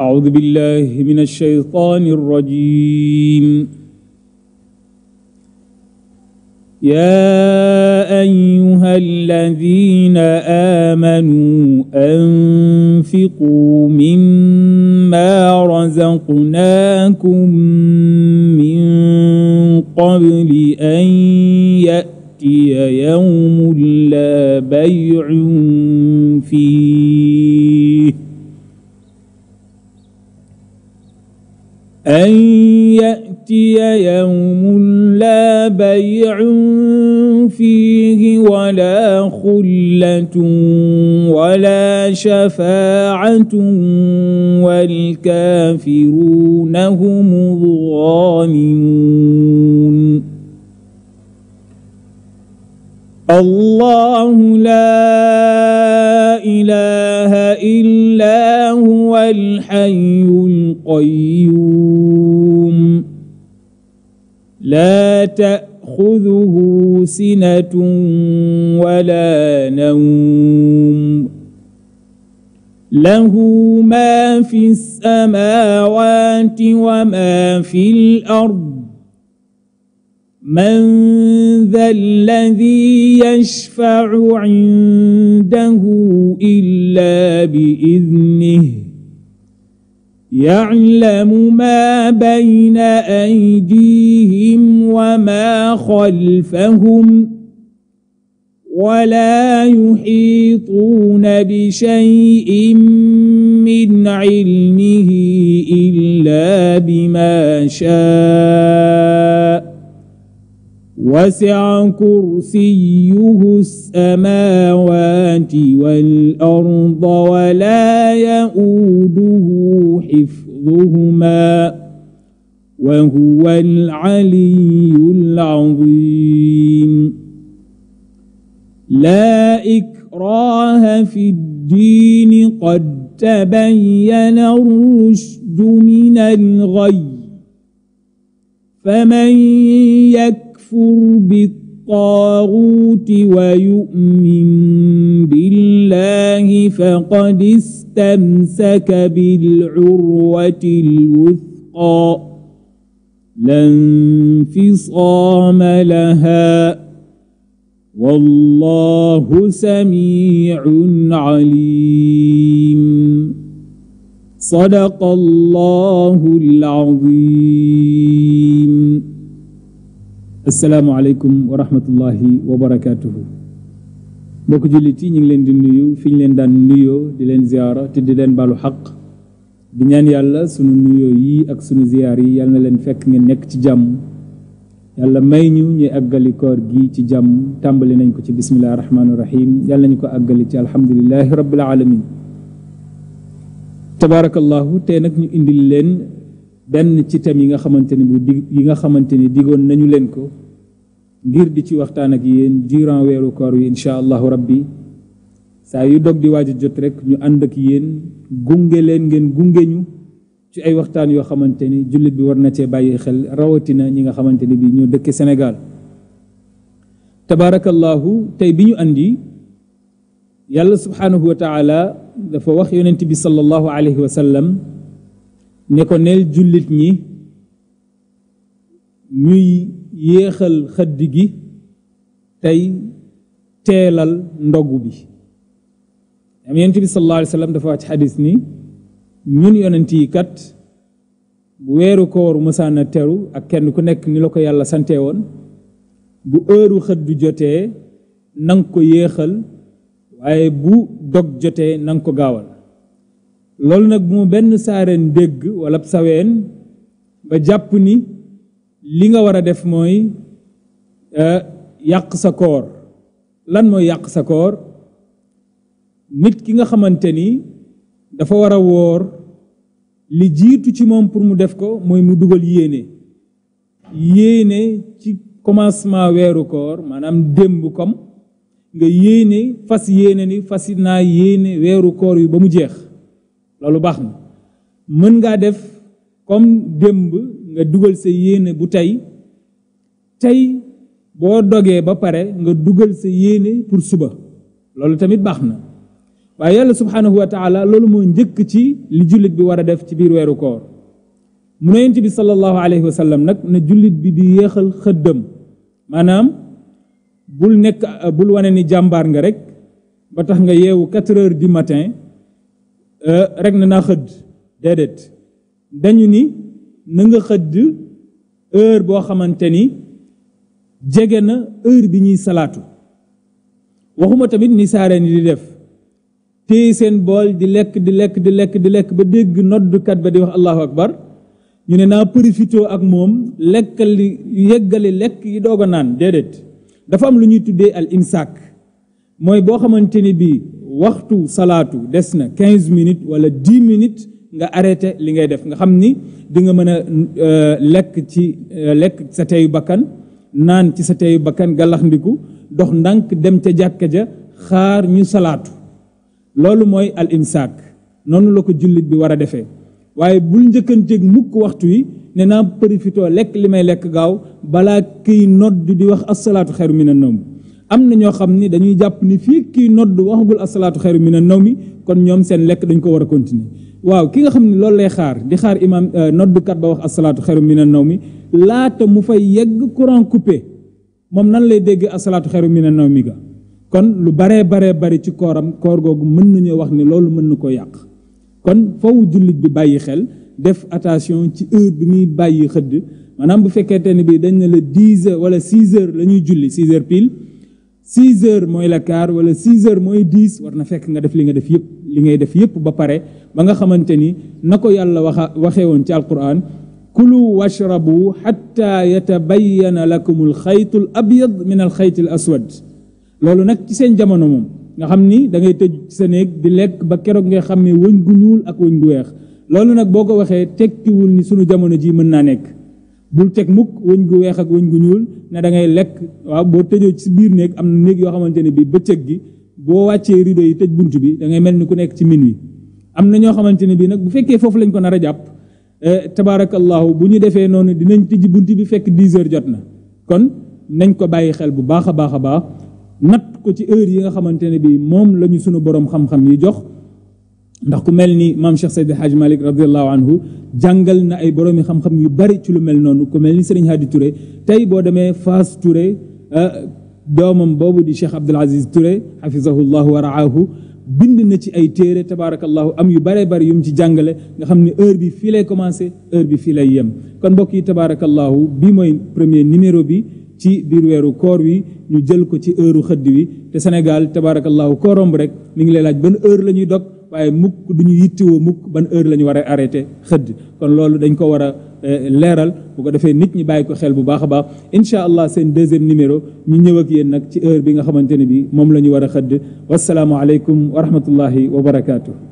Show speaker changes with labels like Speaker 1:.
Speaker 1: أعوذ بالله من الشيطان الرجيم يا أيها الذين آمنوا أنفقوا مما رزقناكم من قبل أن يأتي يوم لا بيع فيه أن يأتي يوم لا بيع فيه ولا خلة ولا شفاعة والكافرون هم الظالمون الله لا إله إلا هو الحي قيوم لا تأخذه سنة ولا نوم له ما في السماوات وما في الأرض من ذا الذي يشفع عنده إلا بإذنه يعلم ما بين أيديهم وما خلفهم ولا يحيطون بشيء من علمه إلا بما شاء وسع كرسيه السماوات والأرض ولا يؤوده حفظهما وهو العلي العظيم لا إكراه في الدين قد تبين الرشد من الغي فمن يك يكفر بالطاغوت ويؤمن بالله فقد استمسك بالعروة الوثقى لا انفصام لها والله سميع عليم صدق الله العظيم asalaamualeykum wa rahmatullahi wa barakaatuhu ko jullit yi ñu ngi leen di nuyu fi ñu leen daan nuyoo di leen ziyaara te di leen baalu xaq di ñaan yàlla sunu nuyoo yi ak sunu ziyaar yi yàlla na leen fekk ngeen nekk ci jàmm yàlla may ñu ñuy àggali koor gi ci jàmm tàmbali nañ ko ci bismillahi rahmaani rahim yàlla nañu ko àggali ci alhamdulilahi rabbil alamin tabaarakallahu tey nag ñu indil leen benn ci thème yi nga xamante ni bu dig yi nga xamante ni digoon nañu leen ko ngir di ci waxtaan ak yéen durant weeru koor wi incha allahu rabbi saa yu dog di waaj jot rek ñu ànd yéen gunge leen ngeen gunge ñu ci ay waxtaan yoo xamante ni jullit bi war na cee bàyyi xel rawatina ñi nga xamante ni bi ñoo dëkk Sénégal tabaarakallahu tey bi ñu andi yàlla subhaanahu wa taala dafa wax yonent bi sallallahu alayhi wa sallam ne ko neel jullit ñi ñuy yéexal xëdd gi tey teelal ndogu bi am yonent bi sallallahu alayhi dafa wax ci xadis ni ñun yonent yi kat bu weeru koor mësaana teru ak kenn ku nekk ni la ko yàlla sante woon bu heure xëdd jotee nang ko yéexal waaye bu dog jotee nang ko gaawal loolu nag bu mu benn saareen dégg wala saween ba jàpp ni li nga war a def mooy euh, yàq sa koor lan mooy yàq sa koor nit ki nga xamante ni dafa war a woor li jiitu ci moom pour mu def ko mooy mu dugal yéene yéene ci commencement weeru koor maanaam démb kom nga yéene fas yéene ni fas naa yéene weeru koor yi ba mu jeex loolu baax na mën ngaa def comme démb nga dugal sa yéene bu tey tey boo dogee ba pare nga dugal sa yéene pour suba loolu tamit baax na waaye yàlla subhanahu wa taala loolu moo njëkk ci li jullit bi war a def ci biir weeru koor mu ne yonent bi sallallahu alayhi wa sallam nag na jullit bi di yéexal xëddëm maanaam bul nekk bul wane ni jàmbaar nga rek ba tax nga yeewu 4 heures du matin Euh, rek na naa xëdd déedéet dañu ni na nga xëdd heure boo xamante ni jege na heure bi ñuy salaatu waxuma tamit ni saareen yi di def téye seen bool di lekk di lekk di lekk di lekk ba dégg noddukat ba di wax allahu akbar ñu ne naa profité ak moom lekkali yeggali lekk yi doog a naan déedéet dafa am lu ñuy tuddee al imsaak mooy boo xamante ni bii waxtu salaatu des na quinze minutes wala dix minutes nga arrêté li ngay def nga xam ni di nga mën a euh, lekk ci euh, lekk sa teyu bakkan naan ci sa teyu bakkan galax dox ndànk dem ca jàkka ja xaar ñu salaatu loolu mooy al imsaak noonu la ko jullit bi war a defee waaye bul njëkkanteeg mukk waxtu yi ne naa profitoo lekk li may lekk gaaw balaa kiy nodd di wax asalaatu xeru na nawm am na ñoo xam ni dañuy jàpp ni fii kii nodd waxagul asalaatu xayru mina naw mi kon ñoom seen lekk dañ ko war a continuer waaw ki nga xam ne loolu lay xaar di xaar imaam euh, noddkat ba wax asalaatu xayru mina naw mi laata mu fay yegg courant coupé moom nan lay dégg asalaatu xayru mina naw mi ga kon lu baree baree bari ci kooram koor googu mën nañoo wax ni loolu mën na ko yàq kon foofu jullit bi bàyyi xel def attention ci heure bi muy bàyyi xëdd maanaam bu fekkente ni bi dañ ne la 10 heures wala 6 heures la ñuy julli 6 heures pile six heures mooy la quart wala six heures mooy dix war na fekk nga def li nga def yëpp li ngay def yëpp ba pare ba nga xamante ni na ko yàlla waxa waxee woon ci alquran kulu washrabu xatta yatabayana lakum alxaytu al abyad min alxayti al aswad loolu nag ci seen jamono moom nga xam ni da ngay tëj sa néeg di lekk ba keroog ngay xàmmee wëñ gu ñuul ak wëñ gu weex loolu nag boo ko waxee tekkiwul ni sunu jamono ji mën naa nekk bul teg mukk wëñ gu weex ak wëñ gu ñuul ne da ngay lekk waaw boo tëjoo ci biir néeg am na néeg yoo xamante ne bi bëccëg gi boo wàccee rideau yi tëj bunt bi da mel ni ku nekk ci minuit am na ñoo xamante ne bi nag bu fekkee foofu lañ ko nar a jàpp eh, tabaarakallaahu bu ñu defee noonu dinañ tëj bunt bi fekk 10 heures jot na kon nañ ko bàyyi xel bu baax a baax a baax natt ko ci heure yi nga xamante ne bi moom la ñu sunu borom xam-xam yi jox ndax ku mel ni maam Cheikh Seydi Hadj Malick radiallahu anhu jàngal na ay boroomi xam-xam yu bari ci lu mel noonu ku mel ni Serigne Hadi Touré tey boo demee Faas Touré euh, doomam boobu di Cheikh Abdoul Aziz Touré xafisahullahu wa raahu bind na ci ay téere tabaarakallahu am yu baree bari yu ci jàngale nga xam ne heure bi fii lay commencé heure bi fii lay yem kon mbokk yi tabaarakallahu bii mooy premier numéro bi ci biir weeru koor wi ñu jël ko ci heure xëdd wi te Sénégal tabaarakallahu koorom bi rek mu ngi lay laaj ban heure la ñuy dog waaye mukk du ñu yittewoo mukk ban heure la ñu war a arrêté xëdd kon loolu dañ ko war a eh, leeral bu ko defee nit ñi bàyyi ko xel bu baax a baax incha allah seen deuxième numéro ñu ñëw ak yéen nag ci heure bi nga xamante ne bi moom la ñu war a xëdd wasalaamualeykum wa rahmatullahi wa barakaatu.